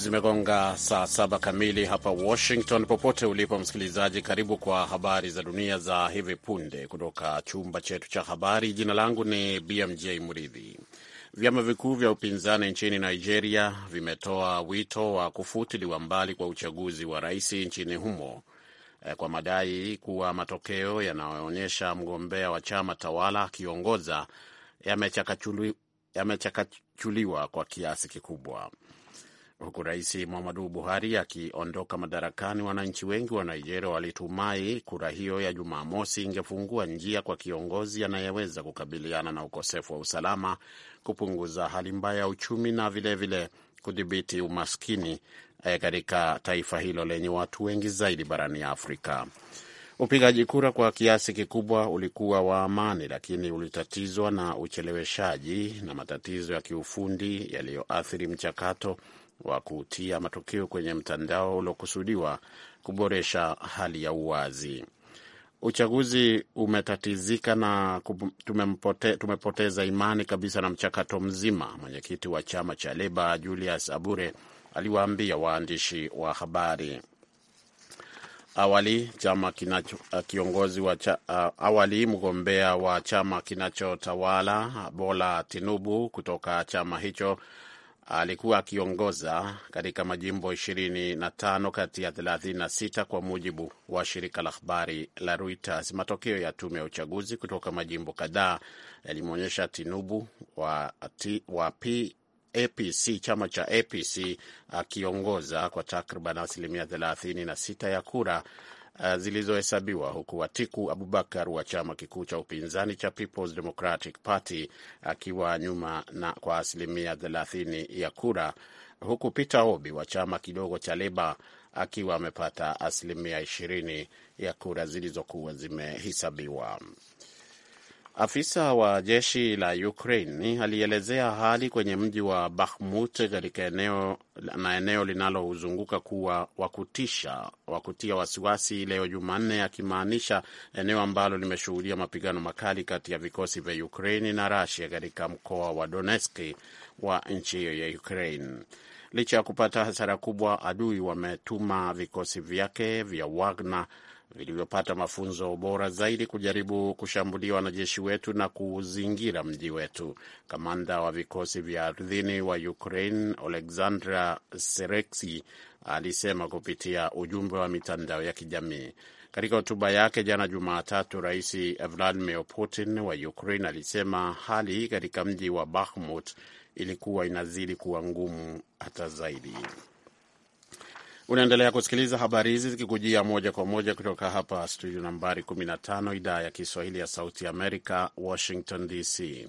Zimegonga saa saba kamili hapa Washington. Popote ulipo msikilizaji, karibu kwa habari za dunia za hivi punde kutoka chumba chetu cha habari. Jina langu ni BMJ Muridhi. Vyama vikuu vya upinzani nchini Nigeria vimetoa wito wa kufutiliwa mbali kwa uchaguzi wa rais nchini humo eh, kwa madai kuwa matokeo yanayoonyesha mgombea wa chama tawala akiongoza yamechakachuliwa kwa kiasi kikubwa. Huku Rais Muhammadu Buhari akiondoka madarakani, wananchi wengi wa Nigeria walitumai kura hiyo ya Jumamosi ingefungua njia kwa kiongozi anayeweza kukabiliana na ukosefu wa usalama, kupunguza hali mbaya ya uchumi na vilevile kudhibiti umaskini e, katika taifa hilo lenye watu wengi zaidi barani Afrika. Upigaji kura kwa kiasi kikubwa ulikuwa wa amani, lakini ulitatizwa na ucheleweshaji na matatizo ya kiufundi yaliyoathiri mchakato wa kutia matokeo kwenye mtandao uliokusudiwa kuboresha hali ya uwazi. Uchaguzi umetatizika na tumepote, tumepoteza imani kabisa na mchakato mzima, mwenyekiti wa chama cha Leba Julius Abure aliwaambia waandishi wa habari. Awali chama kinacho, kiongozi wa cha, awali mgombea wa chama kinachotawala Bola Tinubu kutoka chama hicho alikuwa akiongoza katika majimbo 25 kati ya 36 kwa mujibu wa shirika la habari la Reuters. Matokeo ya tume ya uchaguzi kutoka majimbo kadhaa yalimwonyesha Tinubu wa, wa P, APC, chama cha APC akiongoza kwa takriban asilimia 36 ya kura Uh, zilizohesabiwa huku Atiku Abubakar wa chama kikuu cha upinzani cha People's Democratic Party akiwa nyuma na kwa asilimia 30 ya kura, huku Peter Obi wa chama kidogo cha Leba akiwa amepata asilimia 20 ya kura zilizokuwa zimehesabiwa. Afisa wa jeshi la Ukraine alielezea hali kwenye mji wa Bakhmut katika eneo na eneo linalouzunguka kuwa wa kutisha, wa kutia wasiwasi leo Jumanne, akimaanisha eneo ambalo limeshuhudia mapigano makali kati ya vikosi vya Ukraine na Russia katika mkoa wa Donetsk wa nchi hiyo ya Ukraine. Licha ya kupata hasara kubwa, adui wametuma vikosi vyake vya Wagner vilivyopata mafunzo bora zaidi kujaribu kushambulia wanajeshi wetu na kuuzingira mji wetu. Kamanda wa vikosi vya ardhini wa Ukraine olexandra Sereksi alisema kupitia ujumbe wa mitandao ya kijamii. Katika hotuba yake jana Jumatatu, Rais Vladimir Putin wa Ukraine alisema hali katika mji wa Bakhmut ilikuwa inazidi kuwa ngumu hata zaidi. Unaendelea kusikiliza habari hizi zikikujia moja kwa moja kutoka hapa studio nambari 15, idhaa ya Kiswahili ya Sauti Amerika, Washington DC.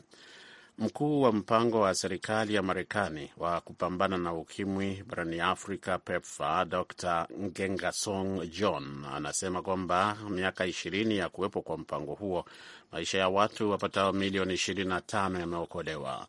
Mkuu wa mpango wa serikali ya Marekani wa kupambana na ukimwi barani Afrika, PEPFA, Dr Nkengasong John anasema kwamba miaka ishirini ya kuwepo kwa mpango huo, maisha ya watu wapatao milioni 25 yameokolewa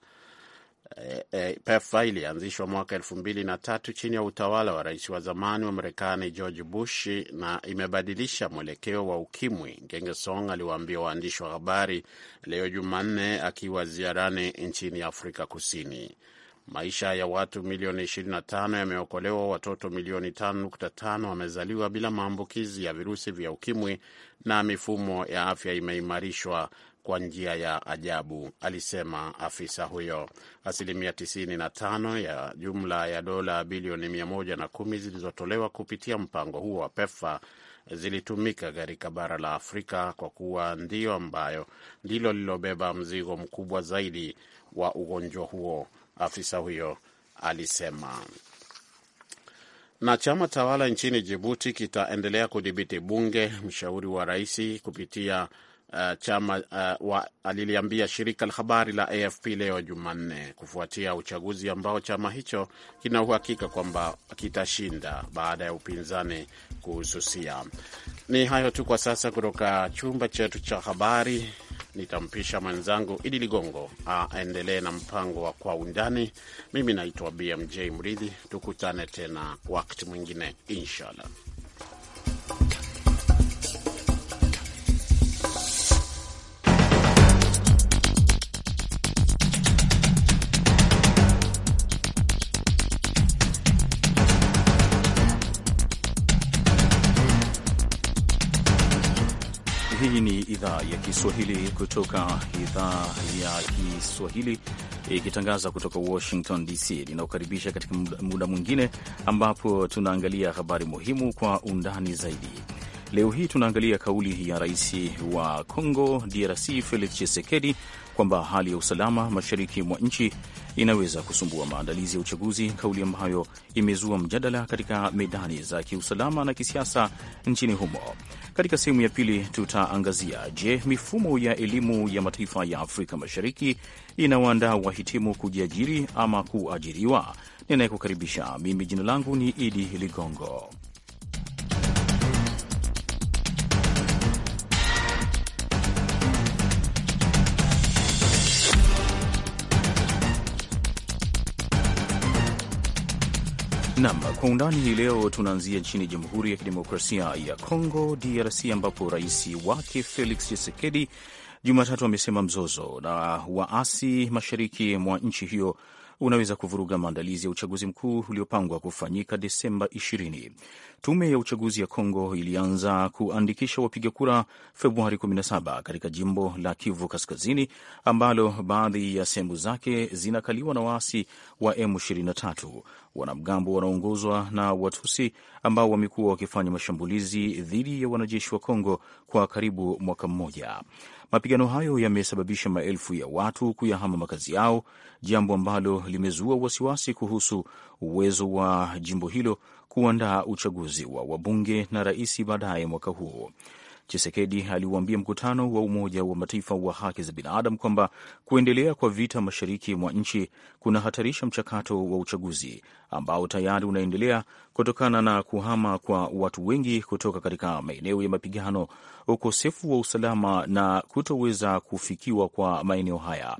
e, eh, e, eh, PEPFAR ilianzishwa mwaka elfu mbili na tatu chini ya utawala wa rais wa zamani wa Marekani George Bush na imebadilisha mwelekeo wa ukimwi. gengesong aliwaambia waandishi wa habari leo Jumanne akiwa ziarani nchini Afrika Kusini. Maisha ya watu milioni 25 yameokolewa. Watoto milioni 5.5 wamezaliwa bila maambukizi ya virusi vya ukimwi, na mifumo ya afya imeimarishwa kwa njia ya ajabu, alisema afisa huyo. Asilimia 95 ya jumla ya dola bilioni 110 zilizotolewa kupitia mpango huo wa PEFA zilitumika katika bara la Afrika kwa kuwa ndio ambayo ndilo lilobeba mzigo mkubwa zaidi wa ugonjwa huo, afisa huyo alisema. Na chama tawala nchini Jibuti kitaendelea kudhibiti bunge, mshauri wa rais kupitia uh, chama uh, aliliambia shirika la habari la AFP leo Jumanne kufuatia uchaguzi ambao chama hicho kina uhakika kwamba kitashinda baada ya upinzani kuhususia. Ni hayo tu kwa sasa kutoka chumba chetu cha habari. Nitampisha mwenzangu Idi Ligongo aendelee na mpango wa Kwa Undani. Mimi naitwa BMJ Mridhi, tukutane tena wakati mwingine inshallah. ya Kiswahili kutoka idhaa ya Kiswahili ikitangaza kutoka Washington DC, linaokaribisha katika muda mwingine ambapo tunaangalia habari muhimu kwa undani zaidi. Leo hii tunaangalia kauli ya rais wa Congo DRC Felix Tshisekedi kwamba hali ya usalama mashariki mwa nchi inaweza kusumbua maandalizi ya uchaguzi, kauli ambayo imezua mjadala katika medani za kiusalama na kisiasa nchini humo. Katika sehemu ya pili tutaangazia, je, mifumo ya elimu ya mataifa ya Afrika Mashariki inawaandaa wahitimu kujiajiri ama kuajiriwa? Ninayekukaribisha mimi, jina langu ni Idi Ligongo. Nam kwa undani hii leo, tunaanzia nchini Jamhuri ya Kidemokrasia ya Kongo, DRC, ambapo rais wake Felix Tshisekedi Jumatatu amesema mzozo na waasi mashariki mwa nchi hiyo unaweza kuvuruga maandalizi ya uchaguzi mkuu uliopangwa kufanyika Desemba 20. Tume ya uchaguzi ya Kongo ilianza kuandikisha wapiga kura Februari 17 katika jimbo la Kivu Kaskazini ambalo baadhi ya sehemu zake zinakaliwa na waasi wa M23 wanamgambo wanaoongozwa na Watusi ambao wamekuwa wakifanya mashambulizi dhidi ya wanajeshi wa Kongo kwa karibu mwaka mmoja. Mapigano hayo yamesababisha maelfu ya watu kuyahama makazi yao, jambo ambalo limezua wasiwasi kuhusu uwezo wa jimbo hilo kuandaa uchaguzi wa wabunge na rais baadaye mwaka huu. Chisekedi aliuambia mkutano wa Umoja wa Mataifa wa haki za binadamu kwamba kuendelea kwa vita mashariki mwa nchi kunahatarisha mchakato wa uchaguzi ambao tayari unaendelea kutokana na kuhama kwa watu wengi kutoka katika maeneo ya mapigano, ukosefu wa usalama na kutoweza kufikiwa kwa maeneo haya.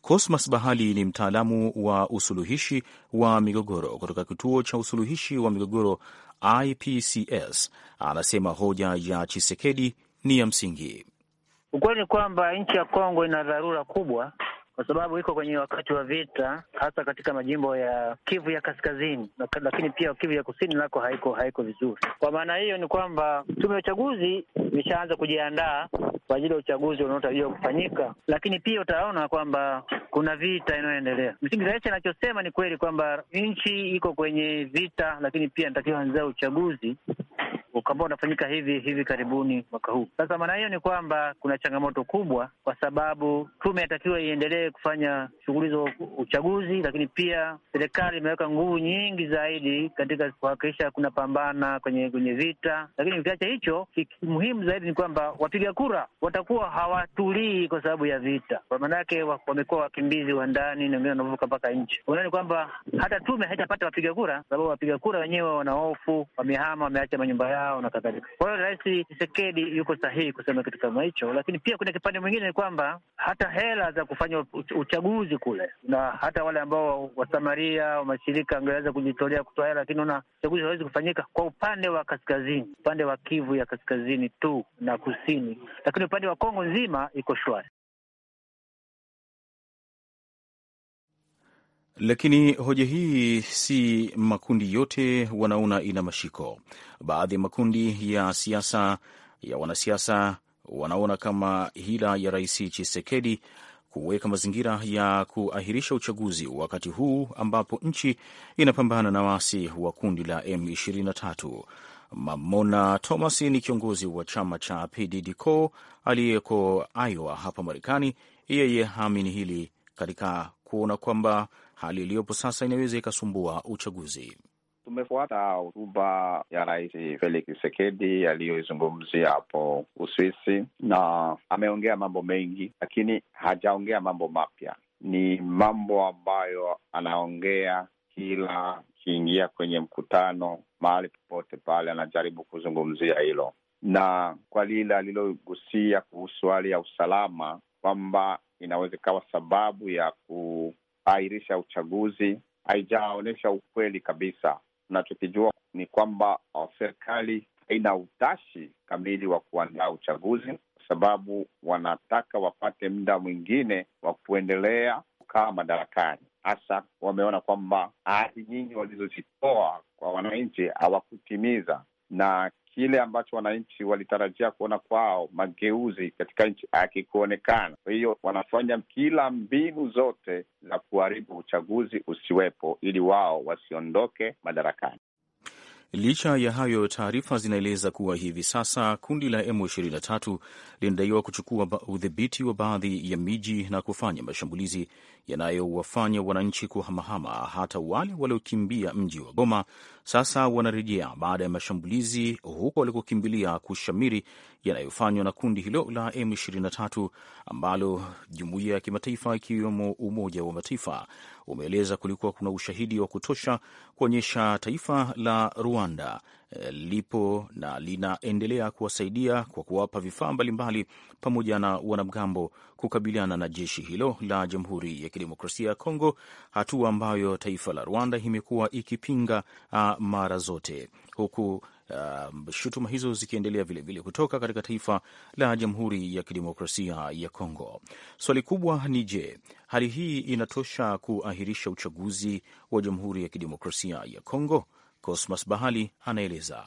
Cosmas Bahali ni mtaalamu wa usuluhishi wa migogoro kutoka kituo cha usuluhishi wa migogoro IPCS anasema hoja ya Chisekedi ni ya msingi. Ukweli ni kwamba nchi ya Kongo ina dharura kubwa kwa sababu iko kwenye wakati wa vita, hasa katika majimbo ya Kivu ya kaskazini, lakini pia Kivu ya kusini nako haiko haiko vizuri. Kwa maana hiyo ni kwamba tume ya uchaguzi imeshaanza kujiandaa kwa ajili ya uchaguzi unaotarajiwa kufanyika, lakini pia utaona kwamba kuna vita inayoendelea. Msingi Rais anachosema ni kweli kwamba nchi iko kwenye vita, lakini pia inatakiwa anzia uchaguzi ambao unafanyika hivi hivi karibuni mwaka huu. Sasa maana hiyo ni kwamba kuna changamoto kubwa, kwa sababu tume inatakiwa iendelee kufanya shughuli za uchaguzi, lakini pia serikali imeweka nguvu nyingi zaidi katika kuhakikisha kuna pambana kwenye kwenye vita, lakini ukiacha hicho, muhimu zaidi ni kwamba wapiga kura watakuwa hawatulii kwa sababu ya vita, kwa yake wamekuwa wakimbizi wa ndani na wengine wanavuka mpaka nchi. Unaona ni kwamba hata tume haitapata wapiga kura, sababu wapiga kura wenyewe wanaofu wamehama, wameacha manyumba yao yao na kadhalika. Kwa hiyo Rais Chisekedi yuko sahihi kusema kitu kama hicho, lakini pia kuna kipande mwingine ni kwamba hata hela za kufanya uchaguzi kule na hata wale ambao wasamaria wamashirika angeweza kujitolea kutoa hela, lakini una uchaguzi hawezi kufanyika kwa upande wa kaskazini, upande wa Kivu ya kaskazini tu na kusini, lakini upande wa Kongo nzima iko shwari. Lakini hoja hii si makundi yote wanaona ina mashiko. Baadhi ya makundi ya siasa ya wanasiasa wanaona kama hila ya Rais Chisekedi kuweka mazingira ya kuahirisha uchaguzi wakati huu ambapo nchi inapambana na waasi wa kundi la M23. Mamona Thomas ni kiongozi wa chama cha PDDCO aliyeko Iowa hapa Marekani. Yeye haamini hili katika kuona kwamba hali iliyopo sasa inaweza ikasumbua uchaguzi. Tumefuata hotuba ya Rais Felix Tshisekedi aliyoizungumzia hapo Uswisi, na ameongea mambo mengi, lakini hajaongea mambo mapya. Ni mambo ambayo anaongea kila kiingia kwenye mkutano, mahali popote pale anajaribu kuzungumzia hilo, na kwa lile alilogusia kuhusu hali ya usalama kwamba inaweza ikawa sababu ya kuahirisha uchaguzi, haijaonyesha ukweli kabisa. Tunachokijua ni kwamba uh, serikali haina utashi kamili wa kuandaa uchaguzi, kwa sababu wanataka wapate muda mwingine wa kuendelea kukaa madarakani. Hasa wameona kwamba ahadi nyingi walizozitoa kwa wananchi hawakutimiza, na kile ambacho wananchi walitarajia kuona kwao mageuzi katika nchi akikuonekana. Kwa hiyo wanafanya kila mbinu zote za kuharibu uchaguzi usiwepo, ili wao wasiondoke madarakani. Licha ya hayo, taarifa zinaeleza kuwa hivi sasa kundi la M23 linadaiwa kuchukua udhibiti wa baadhi ya miji na kufanya mashambulizi yanayowafanya wananchi kuhamahama. Hata wale waliokimbia mji wa Goma sasa wanarejea baada ya mashambulizi huko walikokimbilia kushamiri, yanayofanywa na kundi hilo la M23 ambalo jumuiya ya kimataifa ikiwemo Umoja wa Mataifa umeeleza kulikuwa kuna ushahidi wa kutosha kuonyesha taifa la Rwanda Eh, lipo na linaendelea kuwasaidia kwa kuwapa vifaa mbalimbali pamoja na wanamgambo kukabiliana na jeshi hilo la Jamhuri ya Kidemokrasia ya Kongo, hatua ambayo taifa la Rwanda imekuwa ikipinga ah, mara zote huku Uh, shutuma hizo zikiendelea vilevile vile kutoka katika taifa la Jamhuri ya Kidemokrasia ya Kongo. Swali kubwa ni je, hali hii inatosha kuahirisha uchaguzi wa Jamhuri ya Kidemokrasia ya Kongo? Cosmas Bahali anaeleza.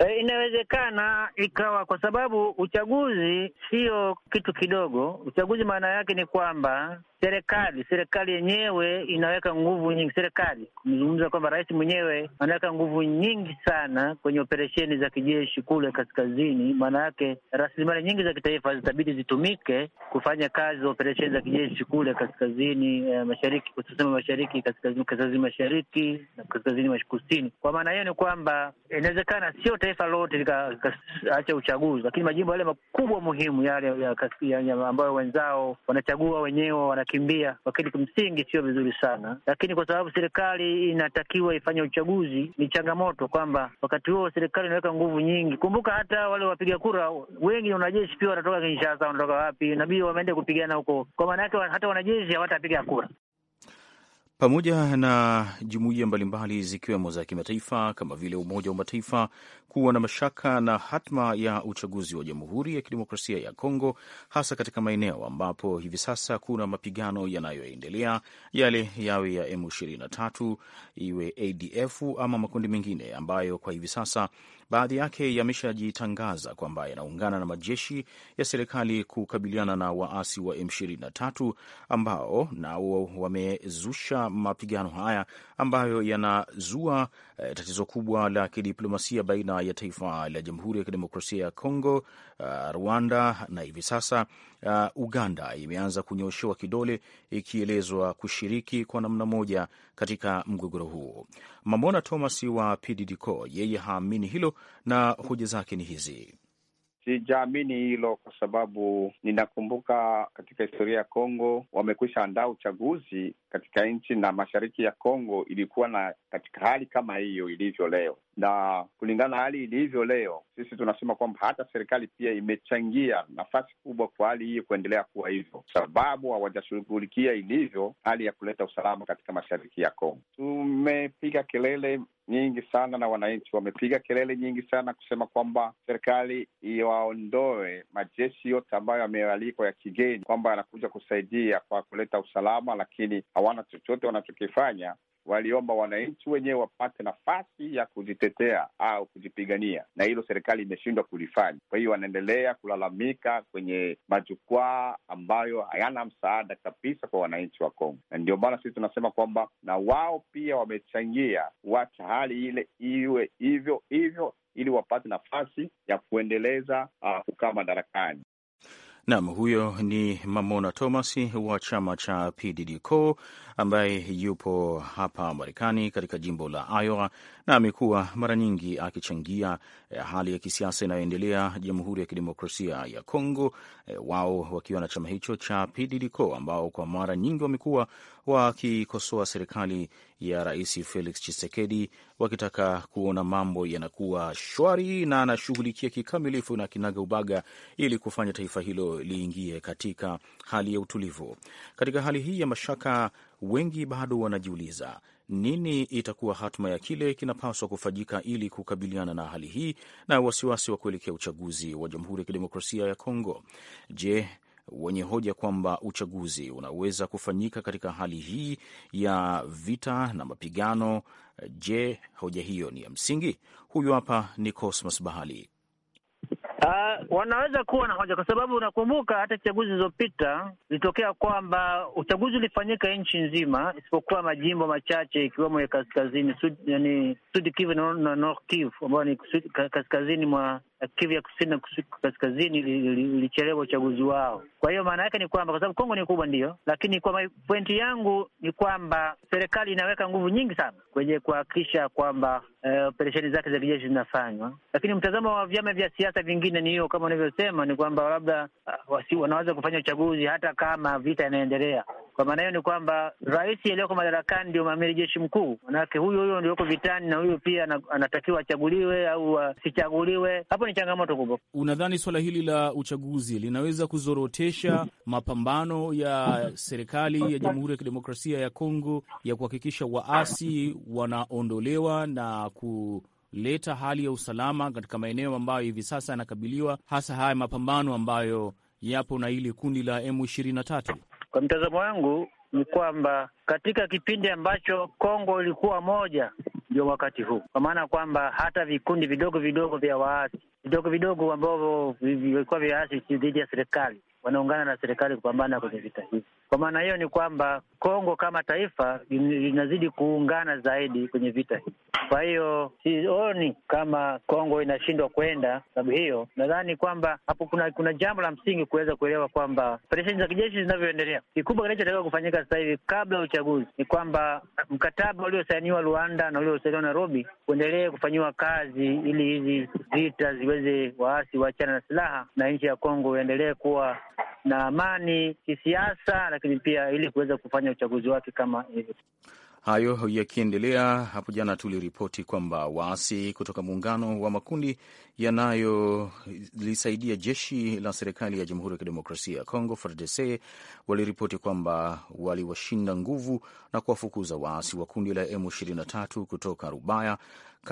E, inawezekana ikawa kwa sababu uchaguzi sio kitu kidogo. Uchaguzi maana yake ni kwamba serikali serikali yenyewe inaweka nguvu nyingi. Serikali kumezungumza kwamba rais mwenyewe anaweka nguvu nyingi sana kwenye operesheni za kijeshi kule kaskazini. Maana yake rasilimali nyingi za kitaifa zitabidi zitumike kufanya kazi za operesheni za kijeshi kule kaskazini eh, mashariki, kusema mashariki, kaskazini, kaskazini mashariki na kaskazini kusini. Kwa maana hiyo ni kwamba inawezekana sio taifa lote likaacha uchaguzi, lakini majimbo yale makubwa muhimu yale ya, ya, ya, ambayo wenzao wanachagua wenyewe wana wanakimbia, wakati kimsingi sio vizuri sana, lakini kwa sababu serikali inatakiwa ifanye uchaguzi, ni changamoto kwamba wakati huo serikali inaweka nguvu nyingi. Kumbuka hata wale wapiga kura wengi wanajeshi pia wanatoka Kinshasa, wanatoka wapi, nabii wameenda kupigana huko. Kwa maana yake hata wanajeshi hawatapiga kura pamoja na jumuiya mbalimbali zikiwemo za kimataifa kama vile Umoja wa Mataifa kuwa na mashaka na hatma ya uchaguzi wa Jamhuri ya Kidemokrasia ya Kongo, hasa katika maeneo ambapo hivi sasa kuna mapigano yanayoendelea, yale yawe ya M23, iwe ADF ama makundi mengine ambayo kwa hivi sasa Baadhi yake yameshajitangaza kwamba yanaungana na majeshi ya serikali kukabiliana na waasi wa M23 ambao nao wamezusha mapigano haya ambayo yanazua eh, tatizo kubwa la kidiplomasia baina ya taifa la Jamhuri ya Kidemokrasia ya Kongo, uh, Rwanda na hivi sasa uh, Uganda imeanza kunyoshewa kidole ikielezwa kushiriki kwa namna moja katika mgogoro huo. Mamona Thomas wa PDDCO yeye haamini hilo na hoja zake ni hizi. Sijaamini hilo kwa sababu ninakumbuka katika historia ya Kongo wamekwisha andaa uchaguzi katika nchi na mashariki ya Kongo ilikuwa na katika hali kama hiyo ilivyo leo, na kulingana na hali ilivyo leo, sisi tunasema kwamba hata serikali pia imechangia nafasi kubwa kwa hali hiyo kuendelea kuwa hivyo, sababu hawajashughulikia ilivyo hali ya kuleta usalama katika mashariki ya Kongo. Tumepiga kelele nyingi sana na wananchi wamepiga kelele nyingi sana kusema kwamba serikali iwaondoe majeshi yote ambayo yamealikwa ya kigeni, kwamba yanakuja kusaidia kwa kuleta usalama, lakini hawana chochote wanachokifanya, waliomba wananchi wenyewe wapate nafasi ya kujitetea au kujipigania, na hilo serikali imeshindwa kulifanya. Kwa hiyo wanaendelea kulalamika kwenye majukwaa ambayo hayana msaada kabisa kwa wananchi wa Kongo, na ndio maana sisi tunasema kwamba na wao pia wamechangia kuacha hali ile iwe hivyo hivyo ili wapate nafasi ya kuendeleza uh, kukaa madarakani. Nam, huyo ni Mamona Thomas wa chama cha PDD Co ambaye yupo hapa Marekani katika jimbo la Iowa na amekuwa mara nyingi akichangia Eh, hali ya kisiasa inayoendelea Jamhuri ya Kidemokrasia ya Kongo, eh, wao wakiwa na chama hicho cha PDDCO ambao kwa mara nyingi wamekuwa wakikosoa serikali ya Rais Felix Tshisekedi wakitaka kuona mambo yanakuwa shwari na anashughulikia kikamilifu na kinaga ubaga ili kufanya taifa hilo liingie katika hali ya utulivu. Katika hali hii ya mashaka, wengi bado wanajiuliza nini itakuwa hatma ya kile kinapaswa kufanyika ili kukabiliana na hali hii na wasiwasi wa kuelekea uchaguzi wa Jamhuri ya Kidemokrasia ya Kongo? Je, wenye hoja kwamba uchaguzi unaweza kufanyika katika hali hii ya vita na mapigano, je, hoja hiyo ni ya msingi? Huyu hapa ni Cosmas Bahali. Uh, wanaweza kuwa na hoja kwa sababu unakumbuka hata chaguzi zilizopita zilitokea kwamba uchaguzi ulifanyika nchi nzima isipokuwa majimbo machache ikiwemo ya kaskazini Sud, yani Sud Kivu na North Kivu ambayo ni kaskazini mwa Kivu ya kusini na kaskazini ilichelewa uchaguzi wao. Kwa hiyo maana yake ni kwamba kwa sababu Kongo ni kubwa, ndiyo, lakini kwa pointi yangu ni kwamba serikali inaweka nguvu nyingi sana kwenye kuhakikisha kwamba eh, operesheni zake za kijeshi zinafanywa, lakini mtazamo wa vyama vya siasa vingine ni hiyo, kama unavyosema, ni kwamba labda ah, wanaweza kufanya uchaguzi hata kama vita inaendelea. Kwa maana hiyo ni kwamba rais aliyoko madarakani ndio amiri jeshi mkuu, manake huyo huyo ndioko vitani na huyo pia anatakiwa achaguliwe au asichaguliwe. Hapo ni changamoto kubwa. Unadhani suala hili la uchaguzi linaweza kuzorotesha mapambano ya serikali ya Jamhuri ya Kidemokrasia ya Kongo ya kuhakikisha waasi wanaondolewa na ku leta hali ya usalama katika maeneo ambayo hivi sasa yanakabiliwa hasa haya mapambano ambayo yapo na hili kundi la M23. Kwa mtazamo wangu ni kwamba katika kipindi ambacho Kongo ilikuwa moja ndio wakati huu, kwa maana kwamba hata vikundi vidogo vidogo vya waasi vidogo vidogo ambavyo vilikuwa vya waasi dhidi ya serikali wanaungana na serikali kupambana kwenye vita hivi. Kwa maana hiyo ni kwamba Kongo kama taifa linazidi kuungana zaidi kwenye vita hii. Kwa hiyo sioni kama Kongo inashindwa kwenda sababu hiyo. Nadhani kwamba hapo kuna kuna jambo la msingi kuweza kuelewa kwamba operesheni za kijeshi zinavyoendelea, kikubwa kinachotakiwa kufanyika sasa hivi kabla ya uchaguzi ni kwamba mkataba uliosainiwa rwanda na uliosainiwa Nairobi uendelee kufanyiwa kazi ili hizi vita ziweze, waasi waachana na silaha na nchi ya Kongo iendelee kuwa na amani kisiasa, lakini pia ili kuweza kufanya uchaguzi wake kama hivyo. Hayo yakiendelea, hapo jana tuliripoti kwamba waasi kutoka muungano wa makundi yanayolisaidia jeshi la serikali ya Jamhuri ya Kidemokrasia ya Kongo FARDC waliripoti kwamba waliwashinda nguvu na kuwafukuza waasi wa kundi la M23 kutoka Rubaya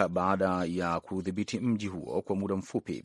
baada ya kudhibiti mji huo kwa muda mfupi.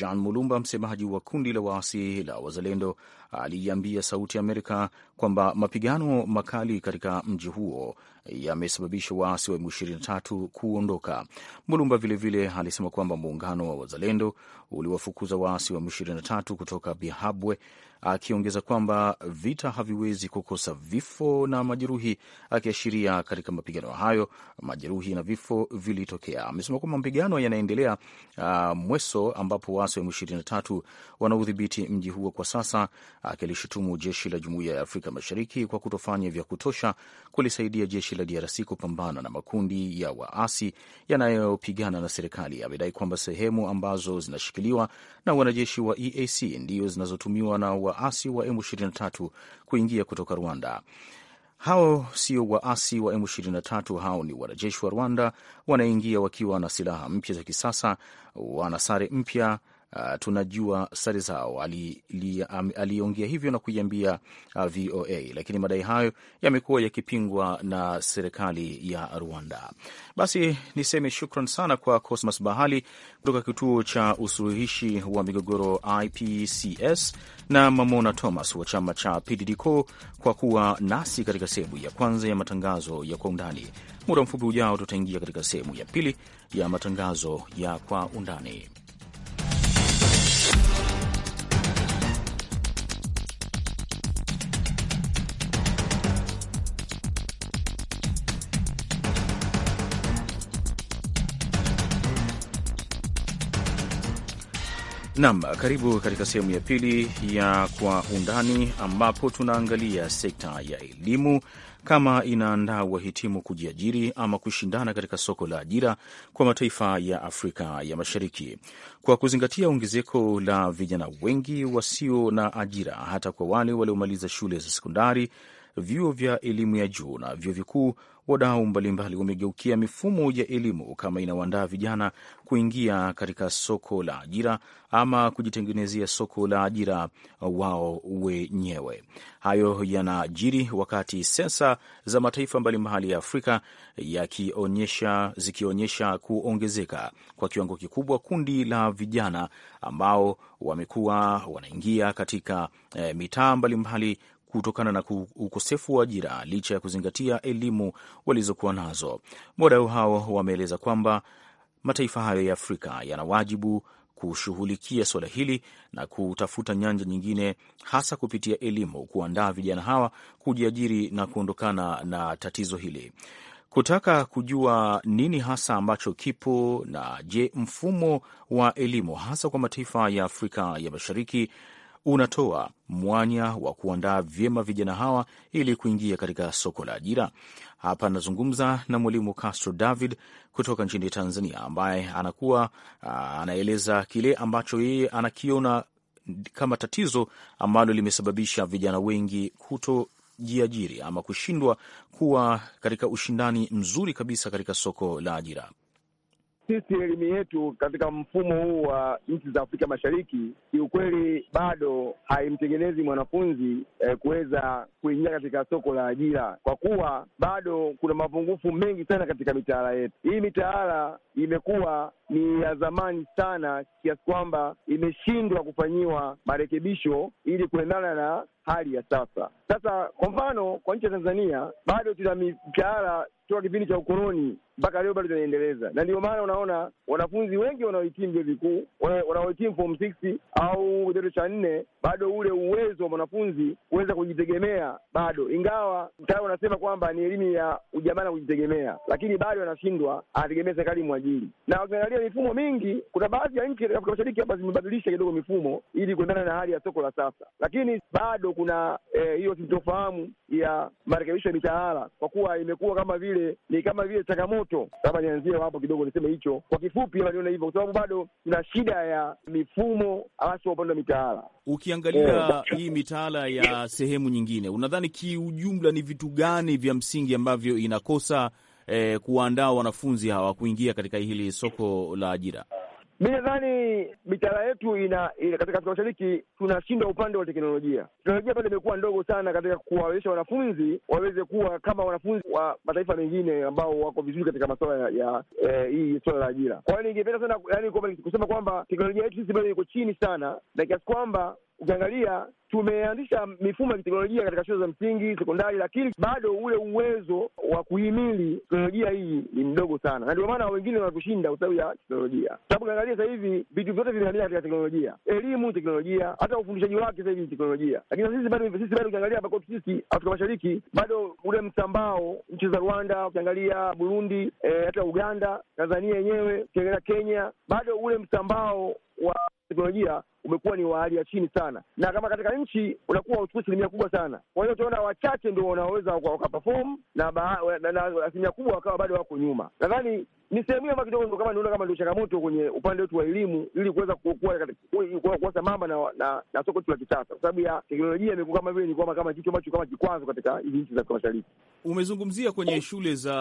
Jean Mulumba, msemaji wa kundi la waasi la Wazalendo, aliiambia Sauti ya Amerika kwamba mapigano makali katika mji huo yamesababisha waasi wa M23 kuondoka. Mulumba vilevile vile alisema kwamba muungano wa Wazalendo uliwafukuza waasi wa M23 kutoka Bihabwe akiongeza kwamba vita haviwezi kukosa vifo na majeruhi, akiashiria katika mapigano hayo majeruhi na vifo vilitokea. Amesema kwamba mapigano yanaendelea uh, Mweso ambapo waasi wa M23 wanaodhibiti mji huo kwa sasa, akilishutumu jeshi la Jumuiya ya Afrika Mashariki kwa kutofanya vya kutosha kulisaidia jeshi la DRC kupambana na makundi ya waasi yanayopigana na serikali. Amedai kwamba sehemu ambazo zinashikiliwa na wanajeshi wa EAC ndiyo zinazotumiwa na wa waasi wa M23 kuingia kutoka Rwanda. Hao sio waasi wa M23, hao ni wanajeshi wa Rwanda wanaingia wakiwa na silaha mpya za kisasa, wana sare mpya uh, tunajua sare zao, aliongea um, hivyo na kuiambia uh, ah, VOA, lakini madai hayo yamekuwa yakipingwa na serikali ya Rwanda. Basi niseme shukran sana kwa Cosmas Bahali kutoka kituo cha usuluhishi wa migogoro IPCS na Mamona Thomas wa chama cha PDDCO kwa kuwa nasi katika sehemu ya kwanza ya matangazo ya kwa undani. Muda mfupi ujao tutaingia katika sehemu ya pili ya matangazo ya kwa undani. Nam, karibu katika sehemu ya pili ya Kwa Undani, ambapo tunaangalia sekta ya elimu kama inaandaa wahitimu kujiajiri ama kushindana katika soko la ajira kwa mataifa ya Afrika ya Mashariki, kwa kuzingatia ongezeko la vijana wengi wasio na ajira, hata kwa wale waliomaliza shule za sekondari, vyuo vya elimu ya juu na vyuo vikuu wadau mbalimbali wamegeukia mifumo ya elimu kama inawaandaa vijana kuingia katika soko la ajira ama kujitengenezea soko la ajira wao wenyewe. Hayo yanajiri wakati sensa za mataifa mbalimbali ya Afrika yakionyesha zikionyesha kuongezeka kwa kiwango kikubwa kundi la vijana ambao wamekuwa wanaingia katika e, mitaa mbalimbali kutokana na ukosefu wa ajira licha ya kuzingatia elimu walizokuwa nazo. Wadau hao wameeleza kwamba mataifa hayo ya Afrika yana wajibu kushughulikia suala hili na kutafuta nyanja nyingine hasa kupitia elimu, kuandaa vijana hawa kujiajiri na kuondokana na tatizo hili. Kutaka kujua nini hasa ambacho kipo na je, mfumo wa elimu hasa kwa mataifa ya Afrika ya Mashariki unatoa mwanya wa kuandaa vyema vijana hawa ili kuingia katika soko la ajira. Hapa anazungumza na mwalimu Castro David kutoka nchini Tanzania, ambaye anakuwa anaeleza kile ambacho yeye anakiona kama tatizo ambalo limesababisha vijana wengi kutojiajiri ama kushindwa kuwa katika ushindani mzuri kabisa katika soko la ajira sisi elimu yetu katika mfumo huu wa nchi za Afrika Mashariki kiukweli bado haimtengenezi mwanafunzi eh, kuweza kuingia katika soko la ajira, kwa kuwa bado kuna mapungufu mengi sana katika mitaala yetu. Hii mitaala imekuwa ni ya zamani sana kiasi kwamba imeshindwa kufanyiwa marekebisho ili kuendana na hali ya sasa. Sasa kwa mfano, kwa nchi ya Tanzania bado tuna mishahara toka kipindi cha ukoloni mpaka leo bado tunaendeleza, na ndio maana unaona wanafunzi wengi wanaohitimu vyuo vikuu, wanaohitimu form six au kidato cha nne, bado ule uwezo wa mwanafunzi kuweza kujitegemea bado, ingawa mtaala wanasema kwamba ni elimu ya ujamaa na kujitegemea, lakini bado anashindwa, anategemea serikali mwajiri. Na wakiangalia mifumo mingi, kuna baadhi ya nchi Afrika Mashariki hapa zimebadilisha kidogo mifumo ili kuendana na hali ya soko la sasa, lakini bado bado kuna eh, hiyo eh, sintofahamu ya marekebisho ya mitaala, kwa kuwa imekuwa kama vile ni kama vile changamoto. Labda nianzie hapo kidogo, niseme hicho kwa kifupi, niona hivyo, kwa sababu bado tuna shida ya mifumo, hasa upande wa mitaala. Ukiangalia yeah, hii mitaala ya sehemu nyingine, unadhani kiujumla ni vitu gani vya msingi ambavyo inakosa eh, kuwaandaa wanafunzi hawa kuingia katika hili soko la ajira? Mi nadhani mitaala yetu ina, ina katika Afrika Mashariki tunashindwa upande wa teknolojia. Teknolojia bado imekuwa ndogo sana katika kuwawezesha wanafunzi waweze kuwa kama wanafunzi wa mataifa mengine ambao wako vizuri katika masuala ya, ya eh, hii suala la ajira. Kwa hiyo ningependa sana yani kusema kwamba teknolojia yetu sisi bado iko chini sana, na kiasi kwamba ukiangalia tumeanzisha mifumo ya kiteknolojia katika shule za msingi, sekondari, lakini bado ule uwezo wa kuhimili teknolojia hii ni mdogo sana, na ndio maana wengine wanatushinda kwa sababu ya teknolojia. Sababu ukiangalia sasa hivi vitu vyote vimehamia katika teknolojia, elimu teknolojia, hata ufundishaji wake sasa hivi ni teknolojia. Lakini sisi bado sisi bado ukiangalia hapa sisi Afrika Mashariki, bado ule msambao nchi za Rwanda, ukiangalia Burundi, eh, hata Uganda, Tanzania yenyewe, ukiangalia Kenya, bado ule msambao wa teknolojia umekuwa ni wa hali ya chini sana, na kama katika nchi unakuwa hauchukui asilimia kubwa sana. Kwa hiyo utaona wachache ndio wanaweza wakaperform na asilimia kubwa wakawa bado wako nyuma. Nadhani ni sehemu hiyo ambayo kidogo kama niona kama ndio changamoto kwenye upande wetu wa elimu, ili kuweza kuwa sambamba na, na, na soko letu la kisasa, kwa sababu ya teknolojia imekuwa kama vile ni kwamba kama kitu ambacho kama kikwazo katika hizi nchi za Afrika Mashariki. Umezungumzia kwenye shule za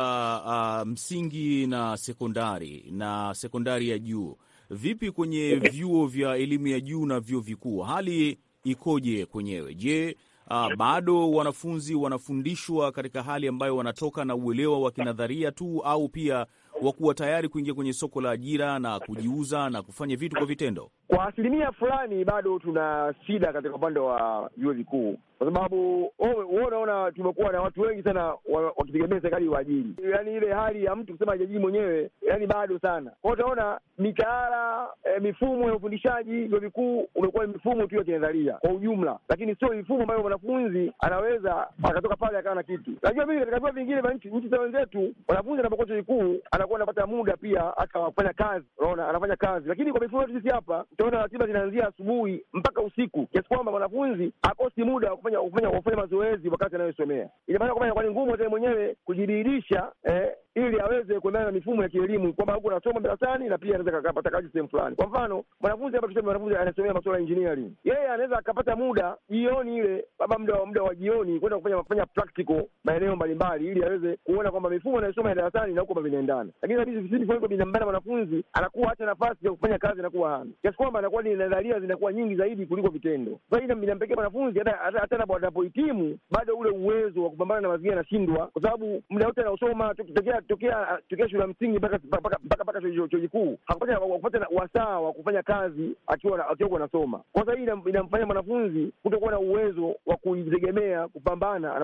uh, msingi na sekondari na sekondari ya juu Vipi kwenye vyuo vya elimu ya juu na vyuo vikuu, hali ikoje kwenyewe? Je, uh, bado wanafunzi wanafundishwa katika hali ambayo wanatoka na uelewa wa kinadharia tu, au pia wakuwa tayari kuingia kwenye soko la ajira na kujiuza na kufanya vitu kwa vitendo? Kwa asilimia fulani bado tuna shida katika upande wa vyuo vikuu, kwa sababu oh, wewe unaona tumekuwa na watu wengi sana wakitegemea serikali waajiri, yaani ile hali ya mtu kusema ajiajiri mwenyewe, yaani bado sana kwao. Utaona mitaala e, mifumo ya ufundishaji vyuo vikuu umekuwa ni mifumo tu ya kinadharia kwa ujumla, lakini sio mifumo ambayo mwanafunzi anaweza akatoka pale akawa na kitu. Najua mimi katika vyuo vingine vya nchi nchi za wenzetu, mwanafunzi anapokuwa chuo kikuu anakuwa anapata muda pia hata kufanya kazi, unaona anafanya kazi, lakini kwa mifumo yetu sisi hapa tunaona ratiba zinaanzia asubuhi mpaka usiku, kiasi kwamba mwanafunzi akosi muda wa kufanya kufanya mazoezi wakati anayosomea. Ina maana kwamba inakuwa ni ngumu hata mwenyewe kujidihirisha eh, ili aweze kuendana na mifumo ya kielimu kwamba huku anasoma darasani na pia anaweza kapata kazi sehemu fulani. Kwa mfano mwanafunzi hapa tuseme mwanafunzi anasomea masuala ya engineering, yeye anaweza akapata muda jioni ile baba, muda wa muda wa jioni kwenda kufanya kufanya practical maeneo mbalimbali, ili aweze kuona kwamba mifumo anayosoma ya darasani na huko inaendana. Lakini kabisa visidi kwa vinambana mwanafunzi anakuwa hata nafasi ya kufanya kazi anakuwa hana, kiasi kwamba anakuwa ni nadharia zinakuwa nyingi zaidi kuliko vitendo. Kwa hiyo inampekea mwanafunzi hata hata anapohitimu bado ule uwezo wa kupambana na mazingira anashindwa, kwa sababu muda wote anaosoma tukitokea tokea tokea shule ya msingi mpaka mpaka chuo kikuu hakupata wasaa wa kufanya kazi akiwa akiwa anasoma. Kwanza hii inamfanya mwanafunzi kutokuwa na uwezo wa kujitegemea kupambana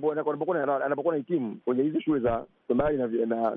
anapokuwa na hitimu kwenye hizi shule za sekondari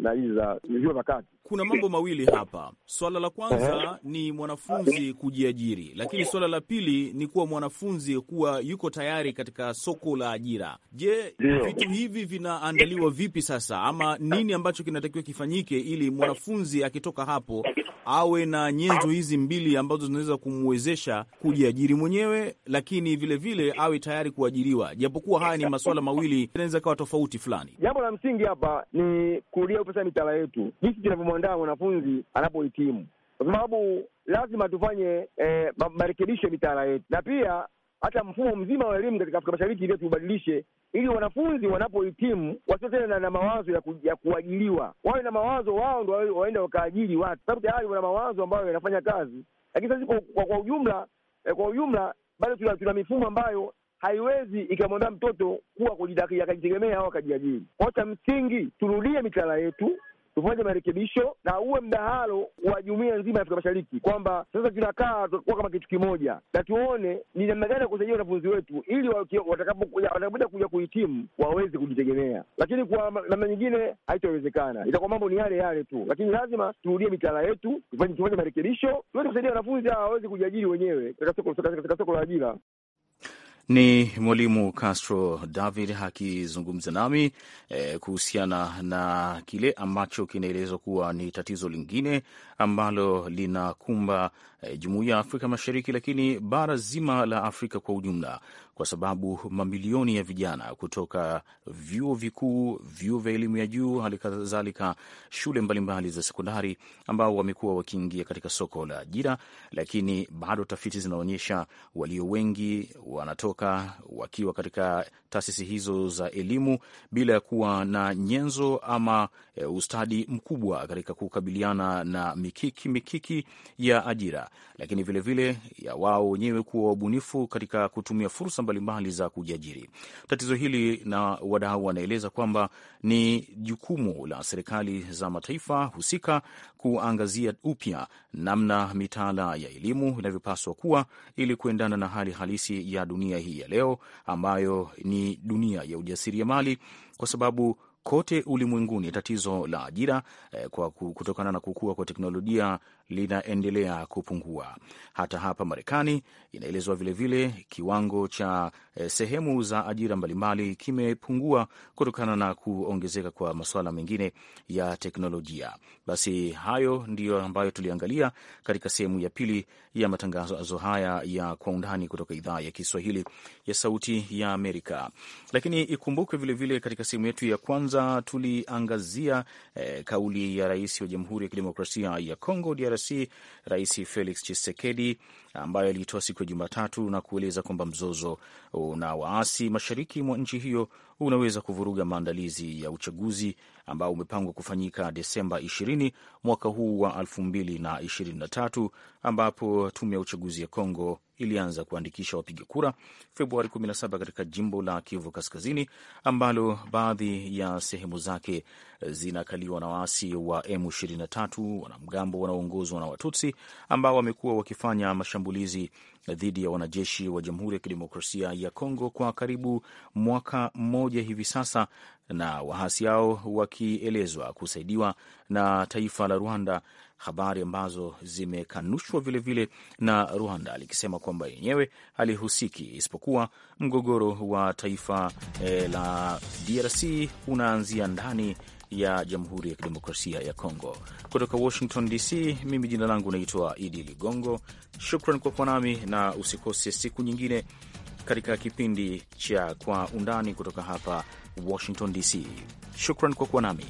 na hizi za vyuo vya kati. Kuna mambo mawili hapa, swala la kwanza eh? ni mwanafunzi kujiajiri, lakini swala la pili ni kuwa mwanafunzi kuwa yuko tayari katika soko la ajira. Je, vitu hivi vinaandaliwa vipi sasa, ama nini ambacho kinatakiwa kifanyike ili mwanafunzi akitoka hapo awe na nyenzo hizi mbili ambazo zinaweza kumwezesha kujiajiri mwenyewe, lakini vilevile vile awe tayari kuajiriwa, japokuwa haya ni masuala mawili yanaweza kawa tofauti fulani. Jambo la msingi hapa ni kulia upesa mitaala yetu, jinsi tunavyomwandaa mwanafunzi anapohitimu, kwa sababu lazima tufanye eh, marekebisho mitaala yetu na pia hata mfumo mzima wa elimu katika Afrika Mashariki ile tubadilishe ili wanafunzi wanapohitimu wasio tena na mawazo ya, ku, ya kuajiliwa, wawe na mawazo wao ndo waenda wakaajili watu, sababu tayari wana mawazo ambayo yanafanya kazi. Lakini sasa kwa, kwa, kwa ujumla eh, kwa ujumla bado tuna, tuna mifumo ambayo haiwezi ikamwandaa mtoto kuwa akajitegemea au akajiajiri. Kwa cha msingi turudie mitaala yetu tufanye marekebisho na uwe mdahalo wa jumuiya nzima ya Afrika Mashariki, kwamba sasa tunakaa tunakuwa kama kitu kimoja, na tuone ni namna gani ya kusaidia wanafunzi wetu ili watakapokuja kuja kuhitimu waweze kujitegemea. Lakini kwa namna nyingine haitawezekana, itakuwa mambo ni yale yale tu, lakini lazima turudie mitaala yetu, tufanye marekebisho tuweze kusaidia wanafunzi hawa waweze kujiajiri wenyewe katika soko la ajira. Ni Mwalimu Castro David akizungumza nami e, kuhusiana na kile ambacho kinaelezwa kuwa ni tatizo lingine ambalo linakumba e, jumuiya ya Afrika Mashariki, lakini bara zima la Afrika kwa ujumla kwa sababu mamilioni ya vijana kutoka vyuo vikuu, vyuo vya elimu ya juu, hali kadhalika shule mbalimbali za sekondari, ambao wamekuwa wakiingia katika soko la ajira, lakini bado tafiti zinaonyesha walio wengi wanatoka wakiwa katika taasisi hizo za elimu bila ya kuwa na nyenzo ama e, ustadi mkubwa katika kukabiliana na mikiki mikiki ya ajira, lakini vilevile vile, ya wao wenyewe kuwa wabunifu katika kutumia fursa mbalimbali za kujiajiri. Tatizo hili na wadau wanaeleza kwamba ni jukumu la serikali za mataifa husika kuangazia upya namna mitaala ya elimu inavyopaswa kuwa ili kuendana na hali halisi ya dunia hii ya leo, ambayo ni dunia ya ujasiriamali, kwa sababu kote ulimwenguni tatizo la ajira eh, kwa kutokana na kukua kwa teknolojia linaendelea kupungua. Hata hapa Marekani inaelezwa vilevile, kiwango cha eh, sehemu za ajira mbalimbali kimepungua kutokana na kuongezeka kwa masuala mengine ya teknolojia. Basi hayo ndiyo ambayo tuliangalia katika sehemu ya pili ya matangazo haya ya Kwa Undani kutoka idhaa ya Kiswahili ya Sauti ya Amerika. Lakini ikumbukwe vilevile, katika sehemu yetu ya kwanza tuliangazia eh, kauli ya rais wa Jamhuri ya Kidemokrasia ya Kongo DRC DRC Rais Felix Tshisekedi ambayo ilitoa siku ya Jumatatu na kueleza kwamba mzozo na waasi mashariki mwa nchi hiyo unaweza kuvuruga maandalizi ya uchaguzi ambao umepangwa kufanyika Desemba 20 mwaka huu wa 2023 ambapo tume ya uchaguzi ya Kongo ilianza kuandikisha wapiga kura Februari 17 katika jimbo la Kivu Kaskazini ambalo baadhi ya sehemu zake zinakaliwa na waasi wa M23, wanamgambo wanaoongozwa na Watutsi ambao wamekuwa wakifanya mashambulio mashambulizi dhidi ya wanajeshi wa Jamhuri ya Kidemokrasia ya Kongo kwa karibu mwaka mmoja hivi sasa, na waasi hao wakielezwa kusaidiwa na taifa la Rwanda habari ambazo zimekanushwa vilevile na Rwanda likisema kwamba yenyewe halihusiki, isipokuwa mgogoro wa taifa e, la DRC unaanzia ndani ya Jamhuri ya Kidemokrasia ya Kongo. Kutoka Washington DC, mimi jina langu naitwa Idi Ligongo. Shukran kwa kuwa nami na usikose siku nyingine katika kipindi cha Kwa Undani kutoka hapa Washington DC. Shukran kwa kuwa nami.